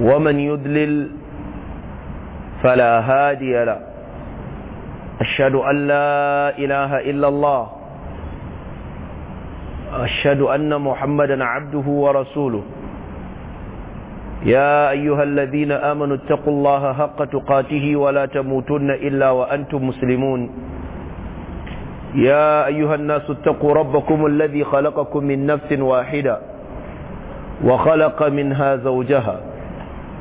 ومن يدلل فلا هادي له أشهد أن لا إله إلا الله أشهد أن محمدا عبده ورسوله يا أيها الذين آمنوا اتقوا الله حق تقاته ولا تموتن إلا وأنتم مسلمون يا أيها الناس اتقوا ربكم الذي خلقكم من نفس واحدة وخلق منها زوجها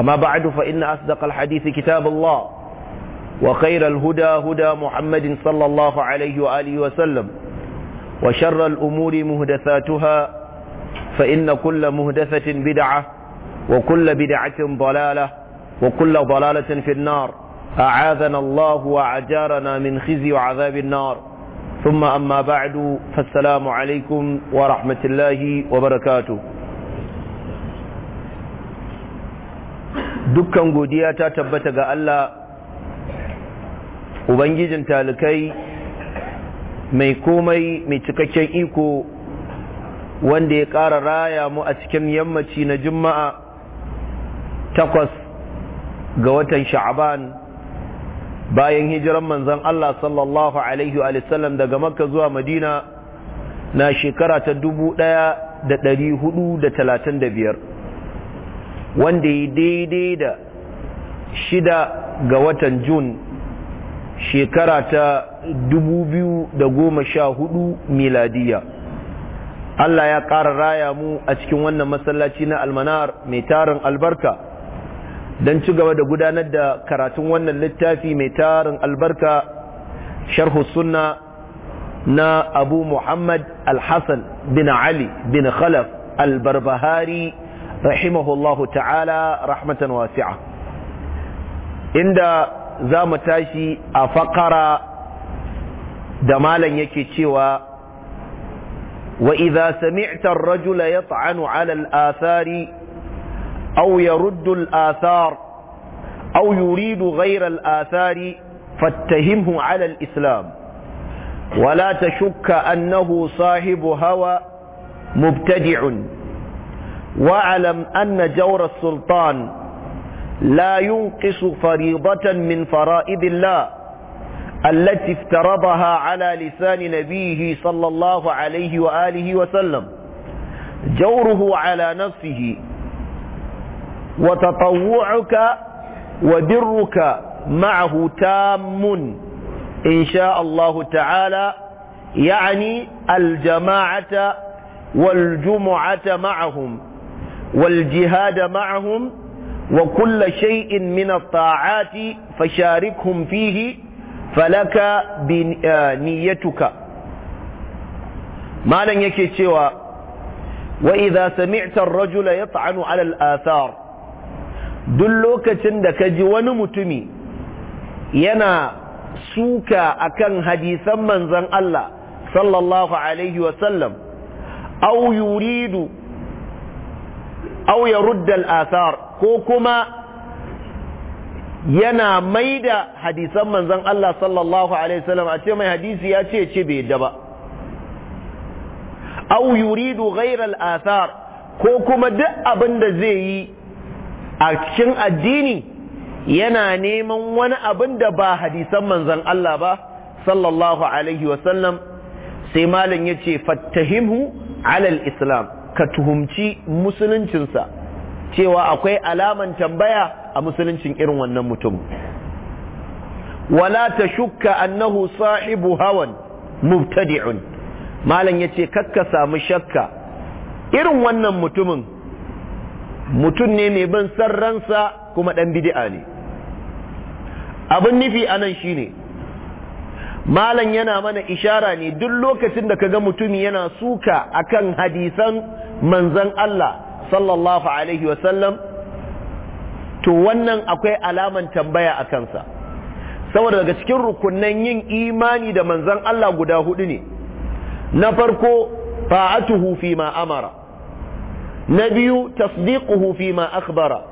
أما بعد فإن أصدق الحديث كتاب الله وخير الهدى هدى محمد صلى الله عليه وآله وسلم وشر الأمور مهدثاتها فإن كل مهدثة بدعة وكل بدعة ضلالة وكل ضلالة في النار أعاذنا الله وعجارنا من خزي وعذاب النار ثم أما بعد فالسلام عليكم ورحمة الله وبركاته dukkan godiya ta tabbata ga Allah Ubangijin talikai mai komai mai cikakken iko wanda ya ƙara raya mu a cikin yammaci na juma'a takwas ga watan sha'aban bayan hijiran manzan Allah sallallahu Alaihi wasallam daga makka zuwa madina na shekara ta dubu ɗaya da ɗari hudu da talatin da biyar wanda yi daidai da shida ga watan jun shekara ta 2014 miladiya Allah ya ƙara raya mu a cikin wannan masallaci na almanar mai tarin albarka don ci gaba da gudanar da karatun wannan littafi mai tarin albarka sharhu sunna na abu muhammad al-hassan bin ali bin khalaf al-barbahari رحمه الله تعالى رحمة واسعة عند زام تاشي أفقر دمالا يكيشيوا وإذا سمعت الرجل يطعن على الآثار أو يرد الآثار أو يريد غير الآثار فاتهمه على الإسلام ولا تشك أنه صاحب هوى مبتدع واعلم أن جور السلطان لا ينقص فريضة من فرائض الله التي افترضها على لسان نبيه صلى الله عليه وآله وسلم جوره على نفسه وتطوعك وبرك معه تام إن شاء الله تعالى يعني الجماعة والجمعة معهم والجهاد معهم وكل شيء من الطاعات فشاركهم فيه فلك بنيتك ما لن يكي سوى وإذا سمعت الرجل يطعن على الآثار دلوك تندك جوان متمي ينا سوكا أكن حديثا من زن الله صلى الله عليه وسلم أو يريد Au ya ruddal athar ko kuma yana mai da hadisan manzan Allah sallallahu alaihi wasallam a ce mai hadisi ya ce ce bai yadda ba aw yuridu ghayra al ko kuma duk abin da zai yi a cikin addini yana neman wani abin da ba hadisan manzon Allah ba sallallahu alaihi wasallam sai malam yace fattahimhu alal islam ka tuhumci musuluncinsa cewa akwai alaman tambaya a musuluncin irin wannan mutum wala ta shukka annahu sahibu hawan mubtadi'un malam ce kakka samu shakka irin wannan mutumin mutum ne mai ban san ransa kuma dan bid'a ne abin nufi anan shine malam yana mana ishara ne duk lokacin da kaga mutumi yana suka akan hadisan manzan Allah sallallahu alaihi wasallam to wannan akwai alaman tambaya a kansa saboda daga cikin rukunan yin imani da manzan Allah guda hudu ne na farko fa'atuhu fi ma amara na biyu tasdiquhu fi ma akhbara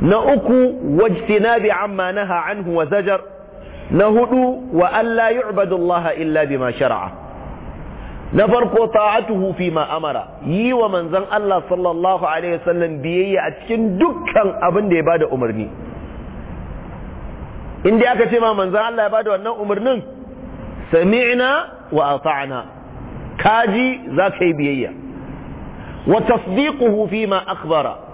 na uku wajtinabi amma naha anhu wa zajar na hudu wa allah yu'badu Allah illa bima shara'a na farko ta'atuhu fi ma amara yi wa manzon Allah sallallahu alaihi wasallam biyayya a cikin dukkan abin da ya bada umarni in aka ce ma manzon Allah ya bada wannan umarnin Sami'ina wa ata'na kaji zaka yi biyayya wa tasdiquhu fi ma akhbara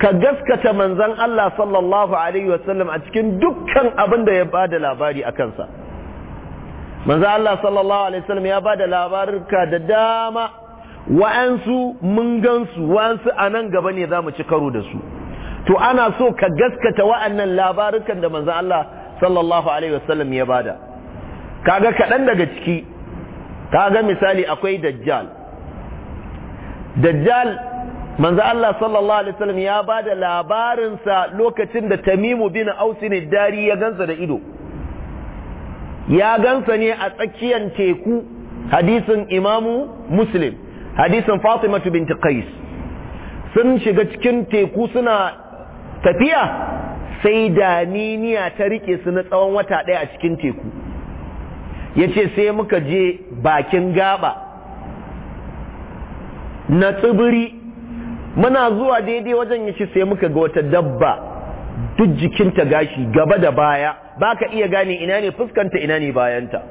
ka gaskata manzan Allah sallallahu alaihi wasallam a cikin dukkan abin da ya bada labari a kansa manzan Allah sallallahu alaihi wasallam ya bada ka da dama wa'ansu mun gansu wa'ansu a nan gaba ne za mu ci karo da su to ana so ka gaskata wa'annan labarukan da manzan Allah sallallahu alaihi wasallam ya bada kaga kaɗan daga ciki kaga misali akwai dajjal dajjal manzo Allah sallallahu alaihi wasallam ya bada labarin sa lokacin da Tamimu bin ne dari ya gansa da ido ya gansa ne a tsakiyar teku hadisin Imamu Muslim hadisin Fatima bint Qais sun shiga cikin teku suna tafiya sai daniniya ta rike su na tsawon wata ɗaya a cikin teku yace sai muka je bakin gaba na tsibiri muna zuwa daidai wajen ya ci sai muka ga wata dabba duk jikinta gashi gaba da baya baka iya gane ina ne fuskanta ina ne bayanta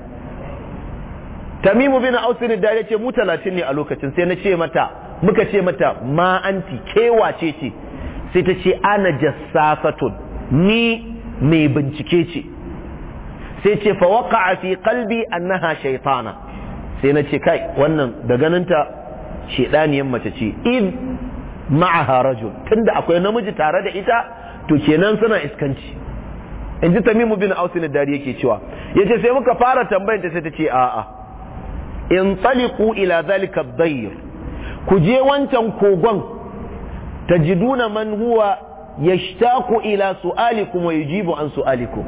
tamimu bin ausini da ya ce mu talatin ne a lokacin sai na ce mata muka ce mata ma anti kewa ce ce sai ta ce ana jassafatun ni mai bincike ce sai ce fa a fi a naha shaitana sai na ce kai wannan da ganinta shaidaniyan mace ce id ma'aha rajul tunda akwai namiji tare da ita to kenan suna iskanci inji tamimu bin ausin dari yake cewa yace sai muka fara tambayar ta sai ta ce a'a in taliqu ila zalika dhayr ku je wancan kogon tajiduna man huwa yashtaqu ila su'alikum wa yujibu an su'alikum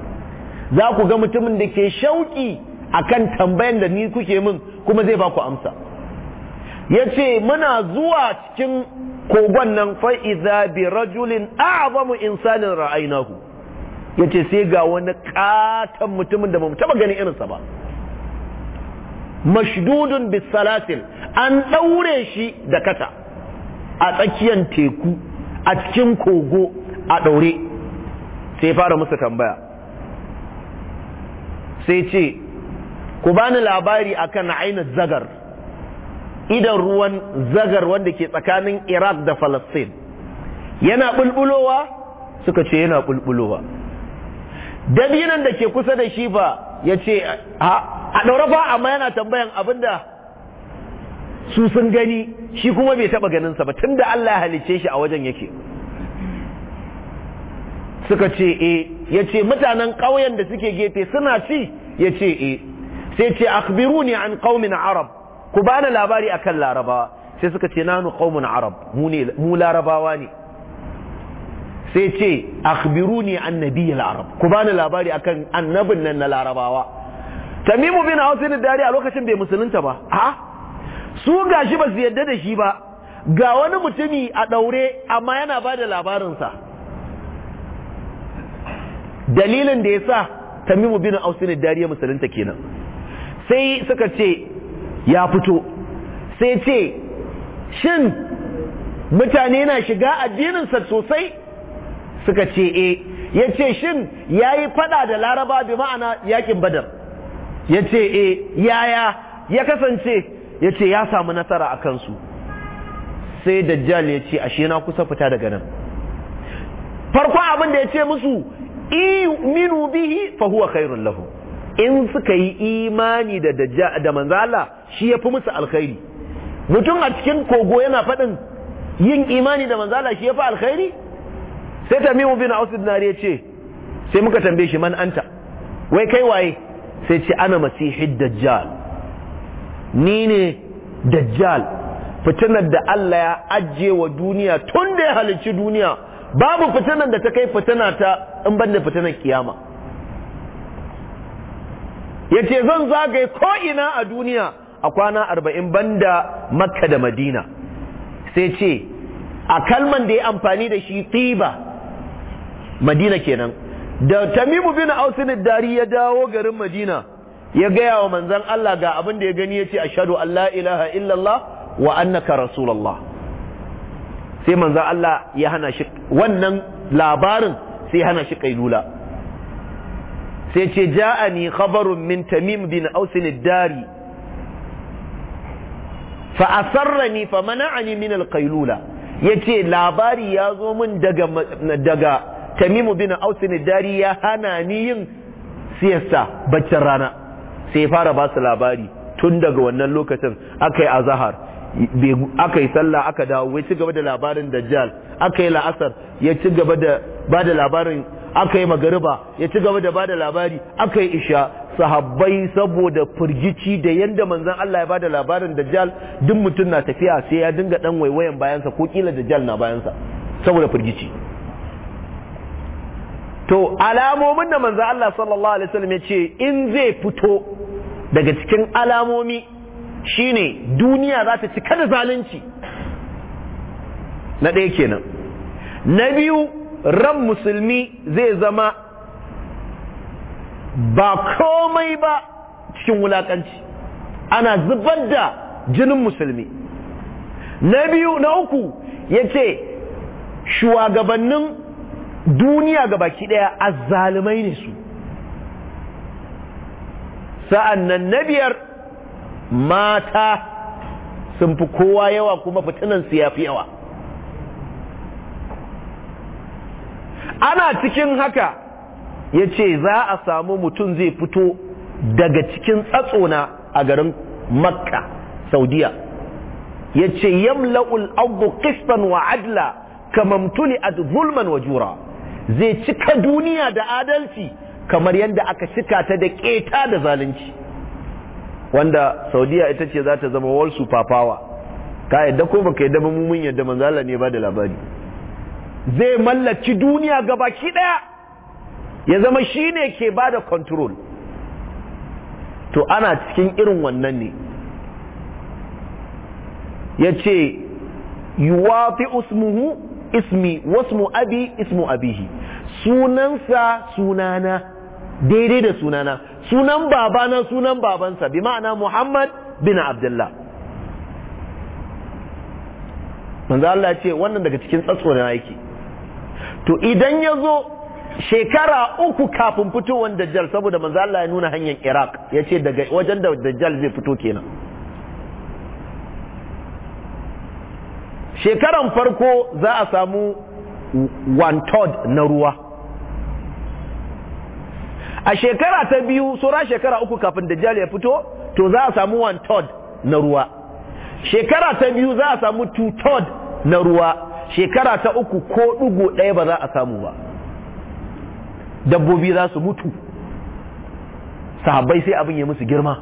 za ku ga mutumin da ke shauki akan tambayar da ni kuke min kuma zai ba ku amsa ya ce muna zuwa cikin kogon nan fa'iza bi rajulin a'azamu insanin ra'ainahu ya ce sai ga wani ƙatan mutumin da bamu taba ganin irinsa ba mashdudun salatin an ɗaure shi da kata a tsakiyar teku a cikin kogo a ɗaure sai fara musu tambaya sai ce ku bani labari akan ainihin zagar idan ruwan zagar wanda ke tsakanin iraq da falastin yana bulbulowa suka ce yana bulbulowa dabinan da ke kusa da shi ba ya ce a ɗaura ba amma yana tambayan abinda su sun gani shi kuma bai taɓa sa ba tunda da allah halicce shi a wajen yake suka ce e ya ce mutanen ƙauyen da suke gefe suna ci ya ce e sai ce akbiruni an ƙaumin arab ku ba bani labari akan larabawa sai suka ce nanu qaumun arab mu ne mu larabawa ne sai ce akhbiruni an nabiyil arab ku ba bani labari akan annabin nan na larabawa tamimu bin ausin dari a lokacin bai musulunta ba a su shi ba su yadda da shi ba ga wani mutumi a ɗaure amma yana ba da labarinsa dalilin da ya sa tamimu bin ausin dari ya musulunta kenan sai suka ce ya fito sai ce shin mutane na shiga addininsa sosai suka ce e ya ce shin ya yi fada da laraba bi ma'ana yakin badar ya ce eh. yaya ya kasance ya ce ya samu nasara a kansu sai dajjal ya ce ashe na kusa fita daga nan farko abin da ya ce musu minu bihi fa huwa khairun lahu in suka yi imani da da manzo shi yafi musu alkhairi mutum a cikin kogo yana faɗin yin imani da Manzala shi shi yafi alkhairi sai Tamimu bin Aus bin ce sai muka tambaye shi man anta wai kai waye sai ce ana masihid dajjal ni ne dajjal fitinar da Allah ya ajiye wa duniya tun da ya halicci duniya babu fitinar da ta kai fitina ta in banda fitinar kiyama yace zan zagaye ko'ina a duniya a kwana arba'in banda makka da madina sai ce a kalman da ya amfani da shi tiba madina kenan da tamimu bin ausinid dari ya dawo garin madina ya gaya wa manzan Allah ga abin da ya gani ya ce ashadu an la ilaha illallah wa annaka rasulallah sai manzan Allah ya hana shi wannan labarin sai hana shi kailula sai ce ja'ani khabarun min tamim bin ausin dari fa ni fa mana'ani min alqailula yace labari ya zo min daga daga tamim bin ausin dari ya hana ni yin siyasta baccin rana sai fara ba su labari tun daga wannan lokacin aka akai azhar aka yi sallah aka dawo ya ci gaba da labarin dajjal aka yi la'asar ya ci gaba da ba da labarin aka yi magariba ya ci gaba da ba da labari aka yi isha sahabbai saboda firgici da yadda manzan Allah ya ba da labarin dajjal duk mutum na tafiya sai ya dinga ɗan waiwayan bayansa ko kila dajjal na bayansa saboda firgici to alamomin da manzan Allah sallallahu alaihi wasallam ya ce in zai fito daga cikin alamomi shine duniya za ta cika da zalunci na ɗaya kenan na biyu ran musulmi zai zama ba komai ba cikin wulakanci ana zubar da jinin musulmi na biyu na uku ya ce shugabannin duniya ga baki daya azzalumai ne su sa'an nan na biyar mata sun fi kowa yawa kuma fitinansu ya fi yawa ana cikin haka ya ce za a samu mutum zai fito daga cikin tsatsona a garin makka saudiya ya ce yamla'ul abu kistan wa adla kamamtuli a zulman wa jura zai cika duniya da adalci kamar yadda aka cika ta da keta da zalunci wanda saudiya ita ce za ta zama super power. ka yadda ko baka yadda mummun mun yadda manzala ne ba da labari zai mallaci duniya gabaki daya ya zama shi ne ke bada control to ana cikin irin wannan ne Ya yace yuwafi usmuhu ismi wasmu abi ismu abihi sunansa sunana daidai da sunana sunan babana sunan babansa bi ma'ana muhammad bin abdullah manzo ya ce wannan daga cikin tsatso na yake to idan ya zo shekara uku kafin fitowar dajjal saboda manzo Allah ya nuna hanyar Iraq ya ce daga wajen da dajjal zai fito kenan shekaran farko za a samu one third na ruwa a shekara ta biyu sura shekara uku kafin dajjal ya fito to za a samu one third na ruwa shekara ta biyu za a samu two third na ruwa shekara ta uku ko ɗugu ɗaya ba za a samu ba dabbobi za su mutu sahabbai sai abin ya musu girma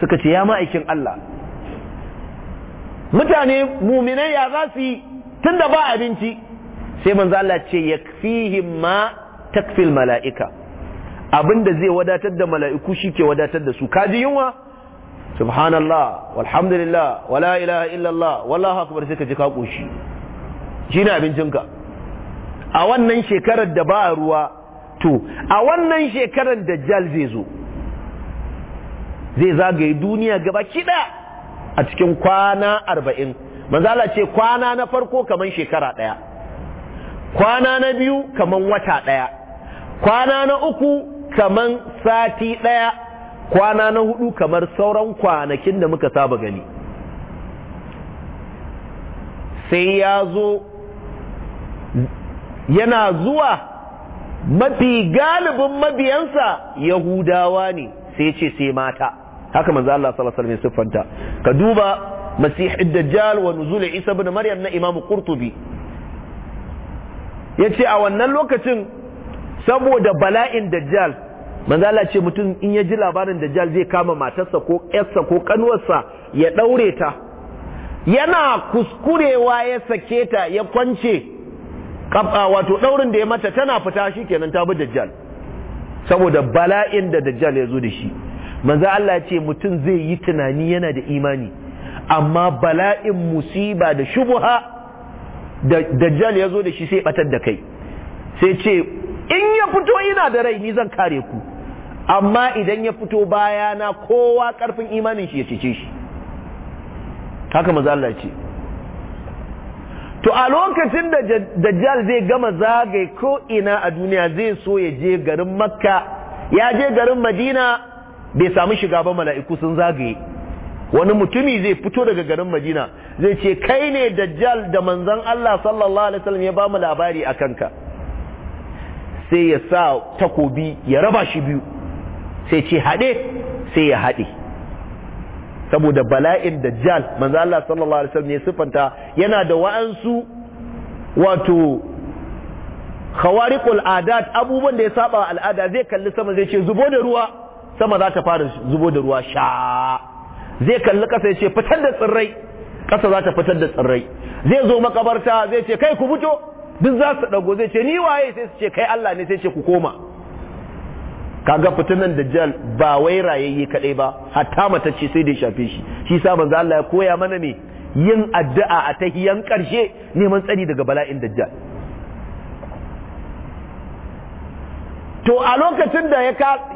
suka ce ya ma'aikin Allah mutane muminai ya za su yi tun da ba abinci sai manzo Allah ce yakfihim ma takfil mala'ika abinda zai wadatar da mala'iku shike wadatar da su kaji yunwa subhanallah walhamdulillah wala ilaha illallah wallahu akbar sai ka ji ka koshi shi ne abincinka a wannan shekarar da ba a ruwa to a wannan shekarar da jal zai zo zai zagaye duniya gaba kiɗa a cikin kwana arba'in manzala ce kwana na farko kaman shekara ɗaya kwana na biyu kaman wata ɗaya kwana na uku kaman sati ɗaya kwana na hudu kamar sauran kwanakin da muka saba gani sai ya zo yana zuwa mafi galibin mabiyansa yahudawa ne sai ce sai mata haka manzo Allah sallallahu alaihi wasallam siffanta ka duba masih dajjal wa nuzul isa ibn maryam na imam qurtubi yace a wannan lokacin saboda bala'in dajjal manzo Allah ce mutum in ya ji labarin dajjal zai kama matarsa ko ƴarsa ko kanuwarsa ya daure ta yana kuskurewa ya sake ta ya kwance Ah, wato daurin da ya mata tana fita shi kenan ta bi dajjal saboda bala'in da dajjal ya zo da shi manzo Allah ya ce mutum zai yi tunani yana da imani amma bala'in musiba da shubuha da dajjal ya zo da shi sai batar da kai sai ce in ya fito ina da rai ni zan kare ku amma idan ya fito baya na kowa karfin imanin shi ya cece shi haka manzo Allah ya ce to a lokacin da dajjal zai gama zagaye ko ina a duniya zai so ya je garin makka ya je garin madina bai samu shiga ba mala'iku sun zagaye wani mutumi zai fito daga garin madina zai ce kai ne dajjal da Manzon Allah sallallahu alaihi wasallam ya ba mu labari a kanka sai ya sa takobi ya raba shi biyu sai ce haɗe sai ya haɗe saboda bala'in dajjal manzo Allah sallallahu alaihi wasallam ya sifanta yana da wa'ansu wato khawariqul adat abubuwan da ya saba al'ada zai kalli sama zai ce zubo da ruwa sama za ta fara zubo da ruwa sha zai kalli kasa ya ce fitar da tsirrai kasa za ta fitar da tsirrai zai zo makabarta zai ce kai ku fito duk za su dago zai ce ni waye sai su ce kai Allah ne sai ce ku koma kaga fitinan dajjal ba wai rayayye kadai ba hatta ce sai da shafe shi shi sa manzo Allah ya koya mana ne yin addu'a a tahiyan karshe neman tsari daga bala'in dajjal to a lokacin da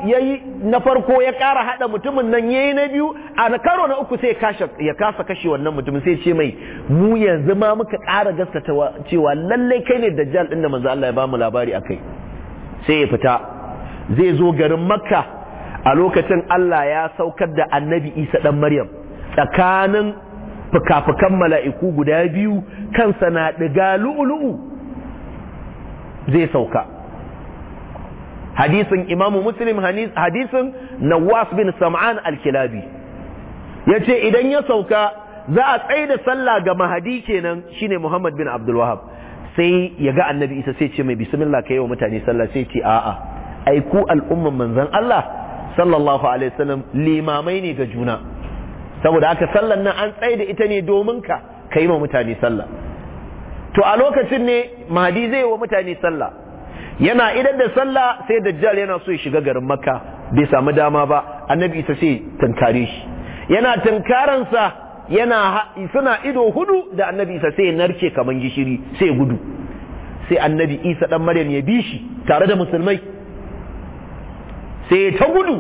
ya yi na farko ya kara hada mutumin nan yayi na biyu a karo na uku sai ya kasa kashe wannan mutumin sai ce mai mu yanzu ma muka kara gaskata cewa lallai kai ne dajjal din da manzo Allah ya bamu labari akai sai ya fita zai zo garin makka a lokacin Allah ya saukar da annabi isa ɗan maryam tsakanin fuka-fukan mala'iku guda biyu kansa na ɗiga lu'ulu'u zai sauka hadisin imamu muslim hadisin nawas bin sam'an al-kilabi ya ce idan ya sauka za a tsaye da sallah ga mahadi kenan shine muhammad bin abdulwahab sai ya ga annabi isa sai ce mai bismillah ka yi wa mutane sallah sai ce a'a Aiku al'umman manzon Allah sallallahu alaihi wasallam limamai ne ga juna saboda haka sallan nan an tsaye da ita ne domin ka kai ma mutane sallah to a lokacin ne mahdi zai wa mutane sallah yana idan da sallah sai dajjal yana so ya shiga garin makka bai samu dama ba annabi isa sai tunkare shi yana tunkaransa yana suna ido hudu da annabi isa sai narke kaman gishiri sai gudu sai annabi isa dan maryam ya bi shi tare da musulmai sai ta gudu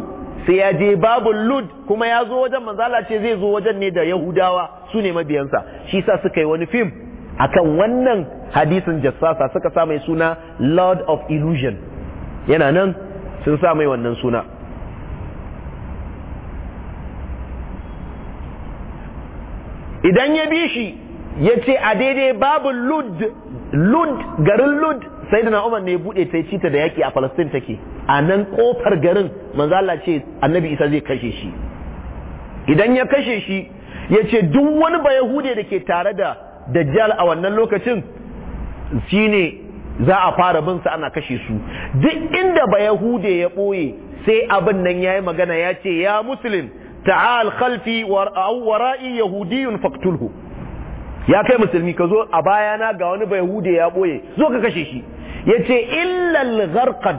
sai ya je babul lud kuma ya zo wajen manzala ce zai zo wajen ne da yahudawa su ne mabiyansa shi sa suka yi wani fim a kan wannan hadisin jassasa suka sa mai suna lord of illusion yana nan sun sa mai wannan suna idan ya bi shi ya ce a daidai babu lud lud garin lud sai sayyidina Umar ne bude ta ci ta da yaki a Palestine take a nan kofar garin manzo ce annabi Isa zai kashe shi idan ya kashe shi ya ce duk wani ba Yahude da ke tare da Dajjal a wannan lokacin shine za a fara bin sa ana kashe su duk inda ba Yahude ya ɓoye sai abin nan ya yi magana ya ce ya musulun ta'al khalfi wa wara'i yahudiyun faktulhu ya kai musulmi ka zo a bayana ga wani bai hude ya ɓoye zo ka kashe shi ya ce illal gharkad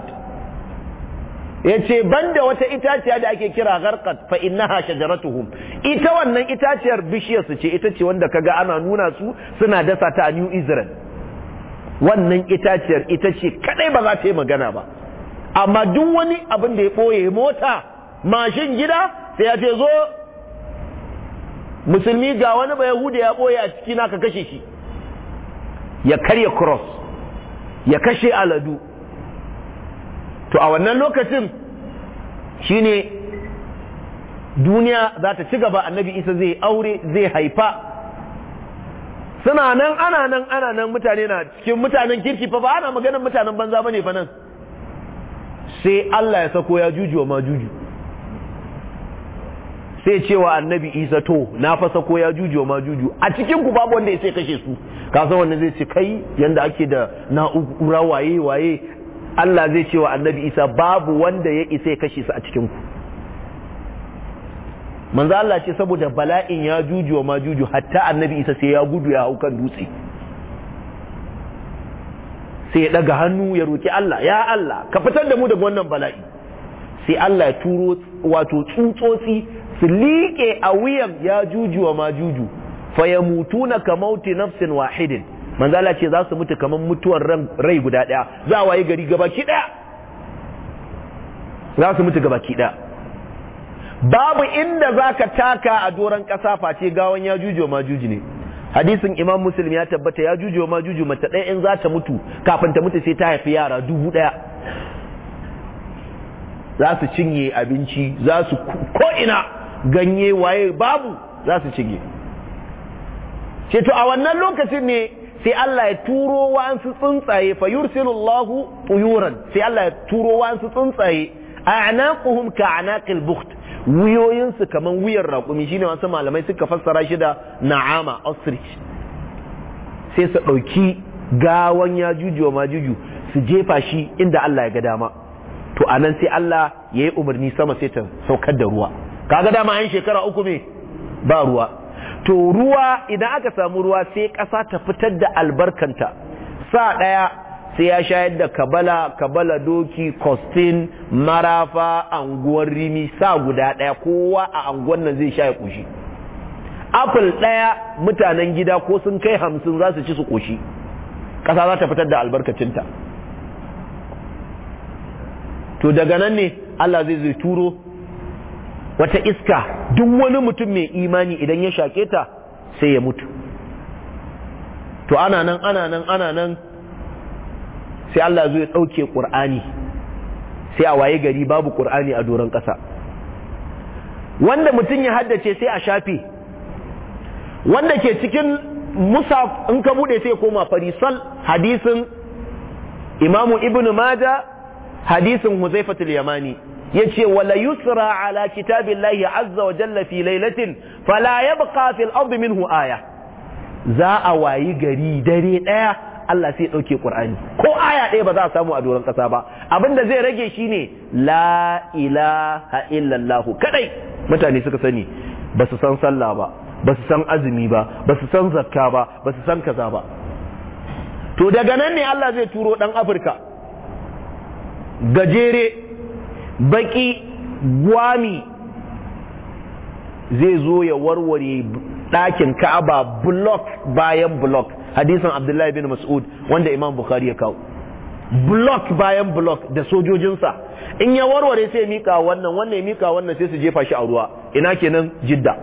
ya ce ban da wata itaciya da ake kira gharkad fa ha shajaratuhum ita wannan itaciyar bishiyar su ce ita ce wanda kaga ana nuna su suna dasa ta a New Israel wannan itaciyar ita ce kadai ba za ta yi magana ba amma duk wani abin da ya ɓoye mota mashin gida sai ya ce zo musulmi ga wani ba yahuda ya boye a ciki ka kashe shi ya karya cross ya kashe aladu to a wannan lokacin shine duniya za ta ci gaba annabi isa zai aure zai haifa suna nan ana nan ana nan mutane na cikin mutanen kirki fa ba ana maganin mutanen banza ba ne fa nan sai Allah ya sako ya juju ma juju sai cewa annabi isa to na fasa ko ya juju ma juju a cikin ku babu wanda ya sai kashe su kasan wannan zai ce kai yanda ake da na'ura waye waye Allah zai cewa annabi isa babu wanda ya isa ya kashe su a cikin ku manzo Allah ce saboda bala'in ya juju ma juju hatta annabi isa sai ya gudu ya hau kan dutse sai ya daga hannu ya roki Allah ya Allah ka fitar da mu daga wannan bala'i sai Allah ya turo wato tsutsotsi su liƙe a wuyan ya juju wa ma juju mutu na kamauti nafsin wahidin manzala ce za su mutu kamar mutuwar rai guda ɗaya za a gari gabaki ɗaya za su mutu gabaki ɗaya babu inda za ka taka a doron ƙasa face gawan ya juju ma juju ne hadisin imam muslim ya tabbata ya juju ma juju mata ɗaya in za ta mutu kafin ta mutu sai ta haifi yara dubu ɗaya za su cinye abinci za su ko'ina ganye waye babu za su cige ce to a wannan lokacin ne sai Allah ya turo su tsuntsaye fa yursilullahu tuyuran sai Allah ya turo su tsuntsaye a'naquhum ka'naqil bukht su kaman wuyar raƙumi shine wasu malamai suka fassara shi da na'ama ostrich sai su ɗauki gawan ya juju ma juju su jefa shi inda Allah ya ga dama to anan sai Allah yayi yi umarni sama sai ta saukar da ruwa kaga dama an shekara uku me ba ruwa to ruwa idan aka samu ruwa sai ƙasa ta fitar da albarkanta sa ɗaya sai ya shayar da kabala kabala doki kostin marafa anguwar rimi sa guda ɗaya kowa a anguwan nan zai sha ya ƙoshi apple ɗaya mutanen gida ko sun kai hamsin za su ci su ƙoshi ƙasa za ta fitar da albarkacinta to daga nan ne allah zai zai turo wata iska duk wani mutum mai imani idan ya shaƙe ta sai ya mutu to ana nan ana nan ana nan sai Allah zai ya ɗauke ƙur'ani sai a waye gari babu ƙur'ani a doron ƙasa wanda mutum ya haddace sai a shafe wanda ke cikin musa in ka buɗe sai koma farisal hadisin imamu ibn maja hadisin huzaifatul yamani yace wala yusra ala kitabillahi azza wa jalla fi lailatin fala yabqa fil ardi minhu aya za a wayi gari dare daya Allah sai dauke Qur'ani ko aya ɗaya ba za a samu a doron ƙasa ba abinda zai rage shine la ilaha illallah kadai mutane suka sani ba su san sallah ba ba su san azumi ba ba su san zakka ba ba su san kaza ba to daga nan ne Allah zai turo dan Afirka gajere baki gwami zai zo ya warware ɗakin ka'aba block bayan block hadisan abdullahi bin mas'ud wanda imam bukhari ya kawo block bayan block da sojojinsa in ya warware sai ya mika wannan wannan ya mika wannan sai su jefa shi a ruwa ina kenan jidda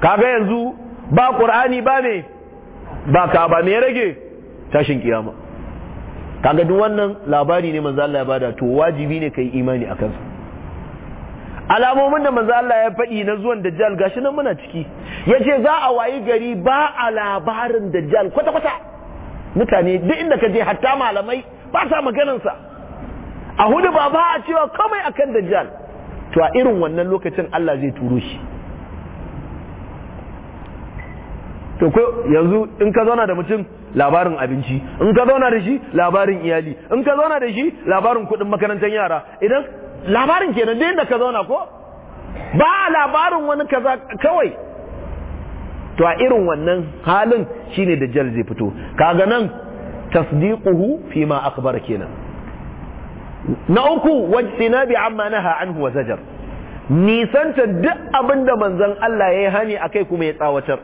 kaga yanzu ba ƙur'ani ba ne ba ka ba me rage tashin kiyama kaga duk wannan labari ne manzo Allah ya bada to wajibi ne kai imani a kansa alamomin da manzo Allah ya faɗi na zuwan dajjal gashi nan muna ciki yace za a wayi gari ba a labarin dajjal kwata kwata mutane duk inda ka je hatta malamai ba sa maganar sa a hudu ba ba a cewa komai akan dajjal to a irin wannan lokacin Allah zai turo shi to ko yanzu in ka zauna da mutum labarin abinci in ka zauna da shi labarin iyali in ka zauna da shi labarin kuɗin makarantar yara idan labarin kenan da ka zauna ko ba labarin wani kaza kawai to a irin wannan halin shine da zai fito kaga nan tasdiquhu fi ma akhbara kenan na uku wajtinabi amma naha anhu wa zajar nisanta duk abinda manzon Allah yayi hani akai kuma ya tsawatar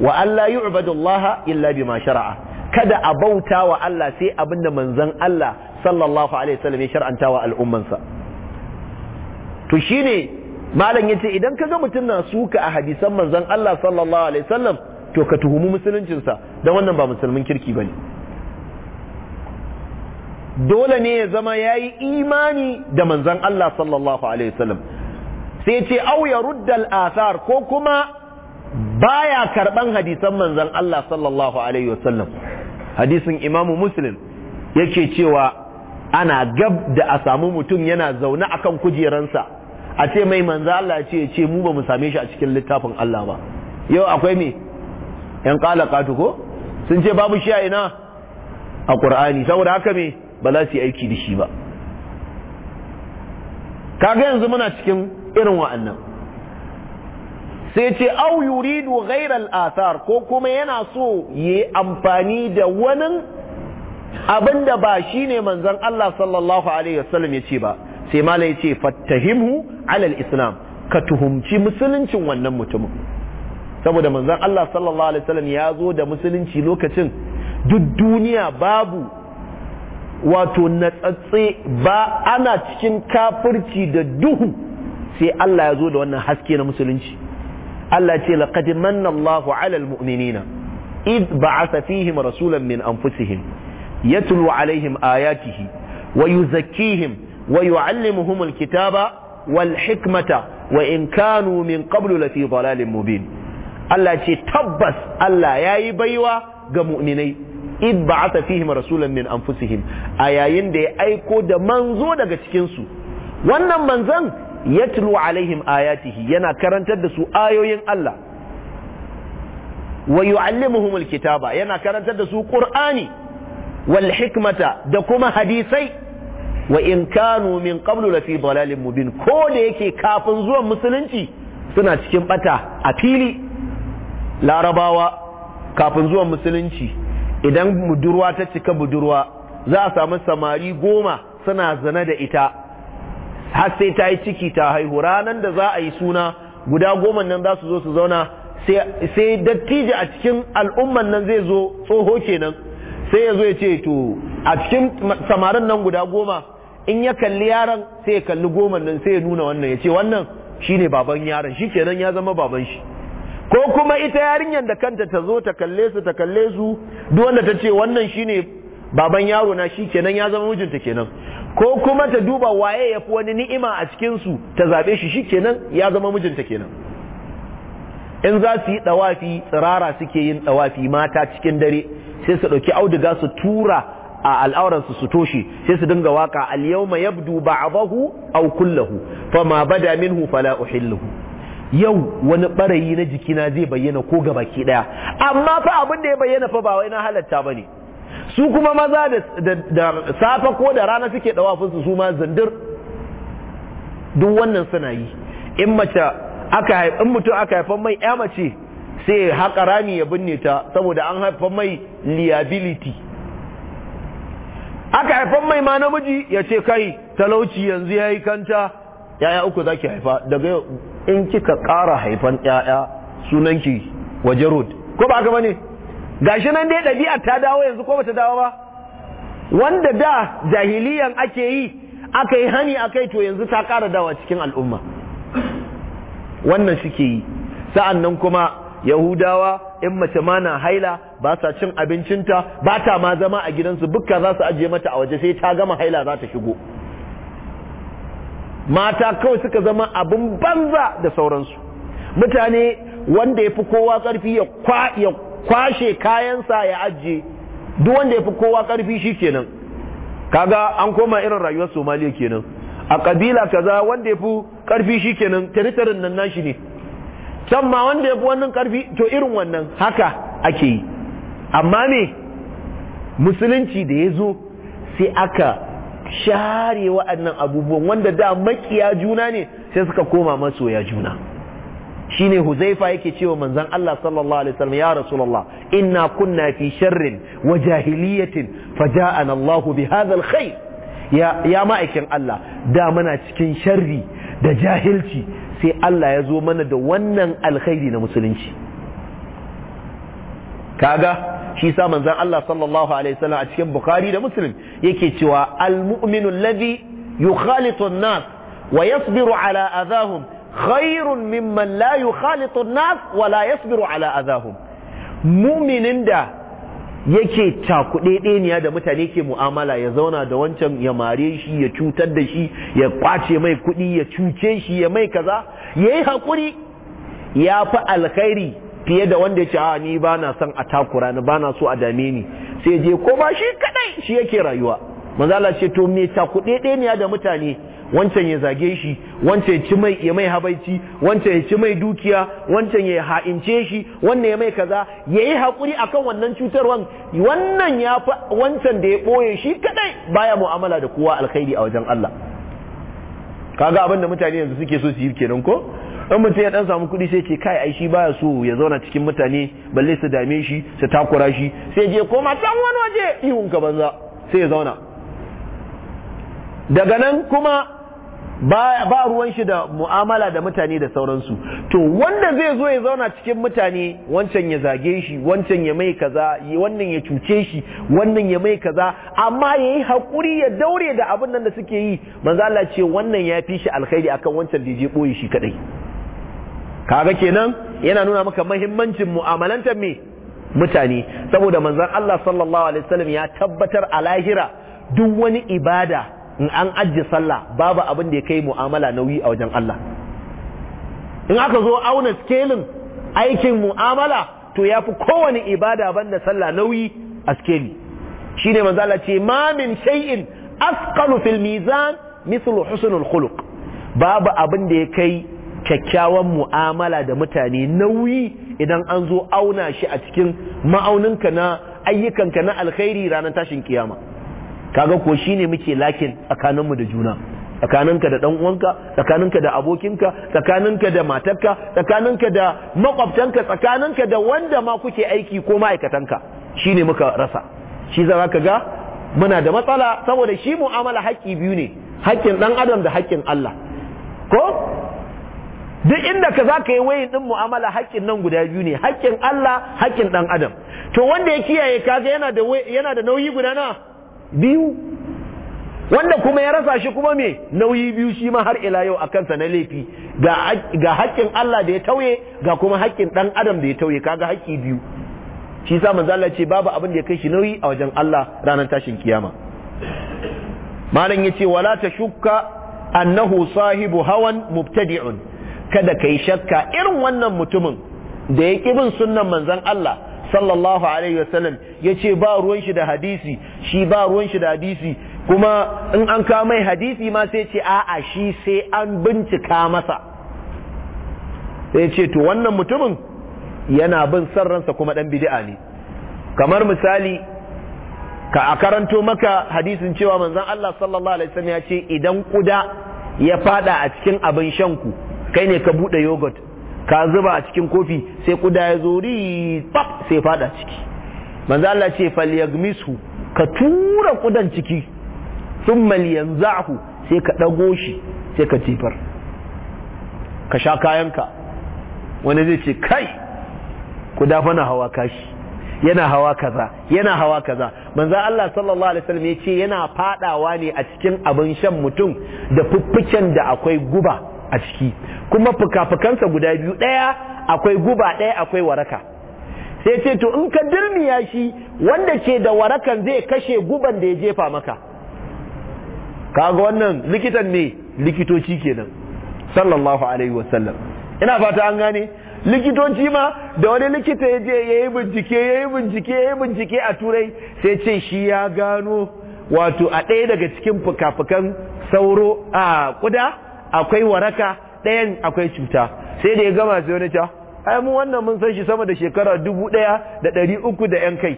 wa alla illa bima shara'a kada a bauta wa Allah sai abinda manzan Allah sallallahu alaihi wasallam ya shar'anta wa al'ummansa to shine malam yace idan ga mutum na suka a hadisan manzon Allah sallallahu alaihi wasallam to ka tuhumi musuluncinsa da wannan ba musulmin kirki bane dole ne ya zama ya yi imani da manzan Allah sallallahu Alaihi wasallam sai ce au ya ruddal asar ko kuma baya karban hadisan manzon Allah sallallahu alaihi wasallam hadisin imamu muslim yake cewa ana gab da a samu mutum yana zaune akan kujeransa a ce mai manzo Allah ce ce mu ba mu same shi a cikin littafin Allah ba yau akwai me yan kala katu ko sun ce babu shi a ina a Qur'ani saboda haka me ba za su yi aiki da shi ba kaga yanzu muna cikin irin wa'annan sai ce au yuridu ghairal athar ko kuma yana so yi amfani da wani abin da ba shine manzon Allah sallallahu alaihi wasallam ya ce ba sai malai ya ce fattahimu alal islam ka tuhumci musuluncin wannan mutumin saboda manzan Allah sallallahu alaihi wasallam ya zo da musulunci lokacin duk duniya babu wato natsatse ba ana cikin kafirci da duhu sai Allah ya zo da wannan haske na musulunci Allah ce laqad manna Allahu 'alal mu'minina id ba'atha fihim rasulan min anfusihim yatlu 'alaihim ayatihi wa yuzakkihim wa yu'allimuhum al-kitaba wal hikmata wa in kanu min qablu lafi dhalalin mubin Allah ce tabbas Allah yayi baiwa ga mu'minai id ba'atha fihim rasulan min anfusihim a yayin da ya aiko da manzo daga cikin su wannan manzon yatlu alaihim ayatihi yana karantar da su ayoyin Allah wa yu'allimuhumul kitaba yana karantar da su qur'ani wal hikmata da kuma hadisai wa in kanu min qablu lafi dalalin mubin ko da yake kafin zuwan musulunci suna cikin bata a fili larabawa kafin zuwan musulunci idan budurwa ta cika budurwa za a samu samari goma suna zana da ita har sai ta yi ciki ta haihu ranar da za a yi suna guda goma nan za su zo su zauna sai dattijo a cikin al'umman nan zai zo tsoho kenan sai ya zo ya ce to a cikin samarin nan guda goma in ya kalli yaron sai ya kalli goma nan sai ya nuna wannan ya ce wannan shine baban yaron shi kenan ya zama baban shi ko kuma ita yarinyar da kanta ta zo ta kalle su ta kalle su duk wanda ta ce wannan shine baban yaro na shi kenan ya zama mijinta kenan ko kuma ta duba waye ya fi wani ni'ima a cikinsu ta zaɓe shi shi kenan ya zama mijinta kenan in za su yi ɗawafi tsirara suke yin ɗawafi mata cikin dare sai su ɗauki auduga su tura a al'auransu su toshe sai su dinga waka al-yawma yabdu ba'dahu aw kullahu fama bada minhu fala uhilluhu yau wani ɓarayi na jikina zai bayyana ko gabaki ɗaya amma fa abin da ya bayyana fa ba wai na halatta ne. su kuma maza da safa ko da rana suke dawafinsu su ma zandir duk wannan suna yi in mace aka in mutum aka haifan mai ya mace sai haƙa rami ya binne ta saboda an haifan mai liability aka haifan mai ma namiji ya ce kai talauci yanzu ya yi kanta yaya uku za ki haifa daga in kika ƙara haifan yaya sunanki waje road ko ba aka bane gashi nan dai ɗabi'ar ta dawo yanzu ko bata dawo ba wanda da jahiliyan ake yi aka yi hani a kai to yanzu ta ƙara dawa cikin al'umma wannan suke yi sa'an nan kuma yahudawa in mace ma na haila ba sa cin abincinta ba ta ma zama a gidansu bukka za su ajiye mata a waje sai ta gama haila za ta shigo mata kawai suka zama abin banza da sauransu mutane wanda ya fi kowa ƙarfi ya kwashe kayansa ya ajiye duk wanda ya fi kowa karfi shi kenan kaga an koma irin rayuwar somaliya kenan a kabila kaza wanda ya fi karfi shi kenan teritorin nan nashi ne can ma wanda ya fi wannan karfi to irin wannan haka ake yi amma ne musulunci da ya zo sai aka share wa'annan abubuwan wanda da makiya juna ne sai suka koma masoya juna Shi ne huzaifa yake cewa manzon Allah sallallahu alaihi wasallam ya rasulallah inna kunna fi sharrin wa jahiliyatin faja'ana Allahu bi hadha alkhair ya ma'aikin Allah da muna cikin sharri da jahilci sai Allah ya zo mana da wannan alkhairi na musulunci kaga shi sa manzon Allah sallallahu alaihi wasallam a cikin Bukhari da Muslim yake cewa almu'minu alladhi yukhalitu an-nas wa yasbiru ala adahum خير ممن لا يخالط الناس nas يصبر على yasbiru مؤمن دا mu'minin da yake cakuɗeɗeniya da mutane ke mu'amala ya zauna da wancan ya mare shi ya cutar da shi ya kwace mai kuɗi ya cuce shi ya mai kaza ya yi haƙuri ya fi alkhairi fiye da wanda ya ce a ah, ni ba na son a takura ni ba na so a dame ni sai je ko ba shi kaɗai shi yake rayuwa manzala ce to me ta kuɗe ne da mutane wancan ya zage shi wancan ya ci mai ya mai habaici wancan ya ci mai dukiya wancan ya ha'ince shi wannan ya mai kaza yayi hakuri akan wannan cutarwan wannan ya fa wancan da ya ɓoye shi kadai baya mu'amala da kowa alkhairi a wajen Allah kaga abin da mutane yanzu suke so su yi kenan ko in mutum ya dan samu kuɗi sai ke kai ai shi baya so ya zauna cikin mutane balle su dame shi su takura shi sai je koma can wani waje ihun ka banza sai ya zauna daga nan kuma ba ruwan shi da mu'amala da mutane da sauransu to wanda zai zo ya zauna cikin mutane wancan ya zage shi wancan ya mai kaza wannan ya cuce shi wannan ya mai kaza amma ya yi haƙuri ya daure da abin nan da suke yi manzala ce wannan ya fi shi alkhairi akan wancan da je boye shi kaɗai. kaga kenan yana nuna maka muhimmancin mu'amalantar me mutane saboda manzan Allah sallallahu alaihi wasallam ya tabbatar a lahira duk wani ibada in an ajiye sallah babu abin da ya kai mu'amala nauyi a wajen Allah in aka zo auna skelin aikin mu'amala to ya fi kowane ibada banda sallah nauyi a skeli shi ne manzala ce ma min shay'in asqalu fil mizan mithlu husnul khuluq babu abin da ya kai kyakkyawan mu'amala da mutane nauyi idan an zo auna shi a cikin ma'auninka na ayyukanka na alkhairi ranar tashin kiyama kaga ko shine muke lakin tsakaninmu da juna tsakaninka da uwanka tsakaninka da abokinka tsakaninka da matarka tsakaninka da makwabtanka tsakaninka da wanda ma kuke aiki ko ma'aikatanka shine muka rasa shi za ka ga muna da matsala saboda shi mu'amala haƙƙi biyu ne haƙƙin ɗan adam da haƙƙin Allah ko duk inda ka zaka yi wayin ɗin mu'amala haƙƙin nan guda biyu ne haƙƙin Allah haƙƙin ɗan adam to wanda ya kiyaye kaga yana da yana da nauyi guda na biyu wanda kuma ya rasa shi kuma me nauyi biyu shi ma har ila yau a kansa na laifi ga haƙƙin Allah da ya tauye ga kuma haƙƙin ɗan adam da ya tauye kaga haƙƙi biyu shi sa manzo ce babu abin da ya kai shi nauyi a wajen Allah ranar tashin kiyama malam yace wala tashukka annahu sahibu hawan mubtadi'un kada ka yi shakka irin wannan mutumin da ya bin sunnan manzon Allah sallallahu alaihi wasallam ya ce ba ruwan shi da hadisi shi ba ruwan shi da hadisi kuma in an kawo mai hadisi ma sai ce a'a shi sai an bincika masa sai ce to wannan mutumin yana bin son ransa kuma dan bid'a ne kamar misali ka a karanto maka hadisin cewa manzon Allah sallallahu alaihi wasallam ya ce idan kuda ya fada a cikin abin shanku kai ne ka bude yogurt ka zuba a cikin kofi sai kuda ya zo ri pap sai fada ciki manzo Allah ce falyagmisu ka tura kudan ciki thumma liyanzahu sai ka dago shi sai ka tifar ka sha kayanka wani zai ce kai kuda fa na hawa kashi yana hawa kaza yana hawa kaza manzo Allah sallallahu alaihi wasallam yace yana fadawa ne a cikin abin shan mutum da fuffuken da akwai guba a ciki kuma fuka-fukansa guda biyu ɗaya akwai guba ɗaya akwai waraka sai ce to in ka dirmiya shi wanda ke da warakan zai kashe guban da ya jefa maka kaga wannan likitan ne likitoci kenan sallallahu alaihi wasallam ina fata an gane likitoci ma da wani likita ya je ya yi bincike ya yi bincike ya yi bincike a turai sai ce shi ya gano wato a ɗaya daga cikin fuka-fukan sauro a kuda akwai waraka ɗayan akwai cuta sai da ya gama sai wani ta ai mu wannan mun san shi sama da shekara dubu ɗaya da ɗari uku da yan kai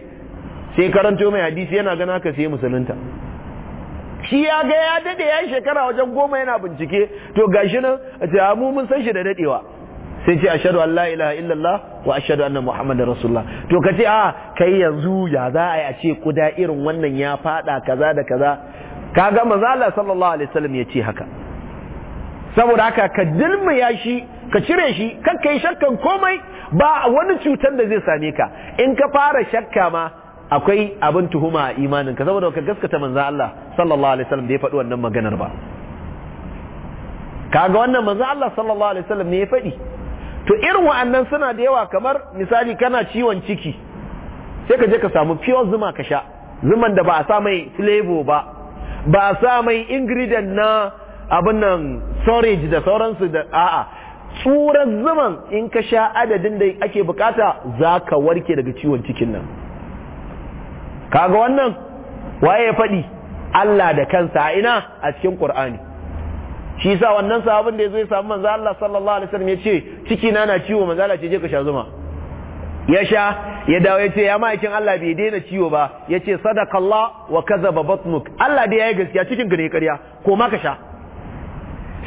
sai karanto mai hadisi yana gana ka sai musulunta shi ya ga ya daɗe ya shekara wajen goma yana bincike to gashi nan a ce mu mun san shi da daɗewa sai ce ashadu an la ilaha illallah wa ashadu annan Muhammadu rasulullah to ka ce a kai yanzu ya za a yi a ce kuda irin wannan ya fada kaza da kaza ka ga manzala sallallahu alaihi wasallam ya ce haka saboda haka ka ya shi ka cire shi yi shakkan komai ba wani cutar da zai same ka in ka fara shakka ma akwai abin tuhuma a imanin ka saboda ka gaskata Allah sallallahu alaihi wasallam da ya faɗi wannan maganar ba kaga wannan manzo Allah sallallahu alaihi wasallam ne ya faɗi to irin wa'annan suna da yawa kamar misali kana ciwon ciki sai ka je ka samu fiyon zuma ka sha zuman da ba a sa mai flavor ba ba a sa mai ingredient na abin nan storage da sauransu da a'a tsurar zuman in ka sha adadin da ake bukata za ka warke daga ciwon cikin nan kaga wannan waye ya faɗi Allah da kansa a ina a cikin Qur'ani shi sa wannan sahabin da yazo ya samu manzo Allah sallallahu alaihi wasallam yace ciki na na ciwo manzo Allah ce je ka sha zuma ya sha ya dawo ya ce ya ma'aikin Allah bai daina ciwo ba ya ce sadaqallah wa kazaba batnuk Allah dai yayi gaskiya cikin ka ne ƙarya ko ma ka sha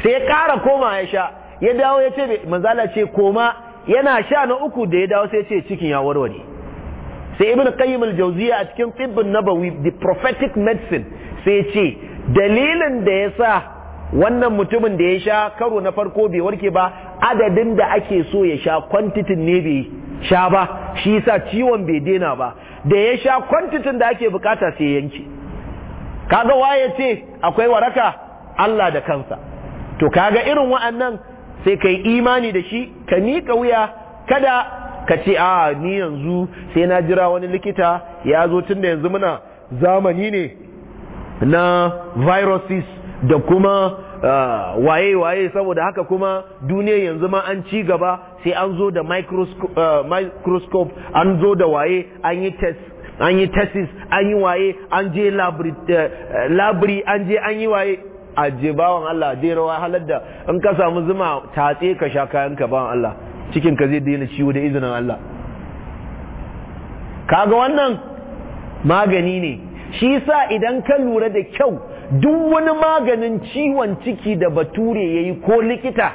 sai ya ƙara koma ya sha ya dawo ya ce manzala ce koma yana sha na uku da ya dawo sai ce cikin ya warware sai ibn qayyim al a cikin tibbin nabawi the prophetic medicine sai ce dalilin da ya sa wannan mutumin da ya sha karo na farko bai warke ba adadin da ake so ya sha kwantitin ne bai sha ba shi yasa ciwon bai daina ba da ya sha kwantitin da ake bukata sai yanke kaga waye ce akwai waraka Allah da kansa to kaga irin wa'annan sai kai imani da shi ka miƙa wuya kada ka ce a ni yanzu sai na jira wani likita ya zo tun da yanzu muna zamani ne na viruses da kuma waye-waye saboda haka kuma duniya yanzu ma an ci gaba sai an zo da microscope an zo da waye an yi test an yi tesis an yi waye an je labri an je an yi waye aje bawan Allah dai rawa halar da in ka samu zuma tatse ka sha kayan ka bawan Allah cikin ka zai daina ciwo da izinin Allah kaga wannan magani ne shi sa idan ka lura da kyau duk wani maganin ciwon ciki da bature yayi ko likita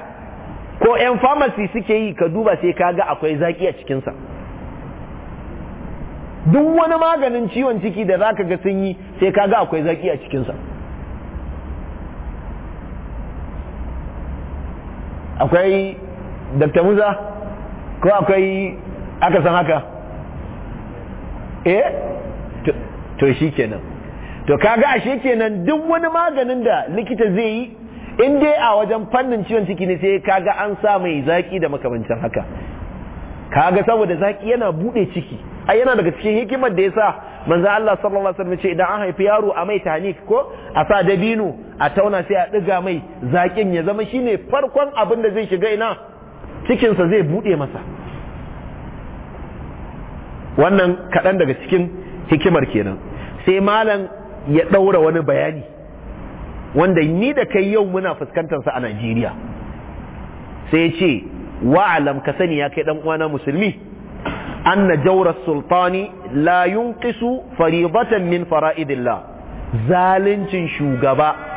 ko 'yan famasi suke yi ka duba sai kaga akwai zaki a cikinsa duk wani maganin ciwon ciki da za ka ga sun yi sai kaga akwai zaki a cikinsa akwai dr musa ko akwai aka san haka eh to shi kenan to kaga ashe kenan duk wani maganin da likita zai yi in dai a wajen fannin ciwon ciki ne sai kaga an sa mai zaki da makamancin haka kaga saboda zaki yana bude ciki ai yana daga cikin hikimar da yasa manzo Allah sallallahu alaihi wasallam ce idan an haifi yaro a mai tanik ko a sa dabino a tauna sai a ɗiga mai zaƙin ya zama shine farkon abin da zai shiga ina cikinsa zai buɗe masa wannan kaɗan daga cikin hikimar kenan sai malam ya ɗaura wani bayani wanda ni da kai yau muna fuskantarsa a najeriya sai ya ce wa'alam ka sani ya kai ɗan uwana musulmi na jaurar sultani layunƙisu fari faribatan min fara'idillah zaluncin shugaba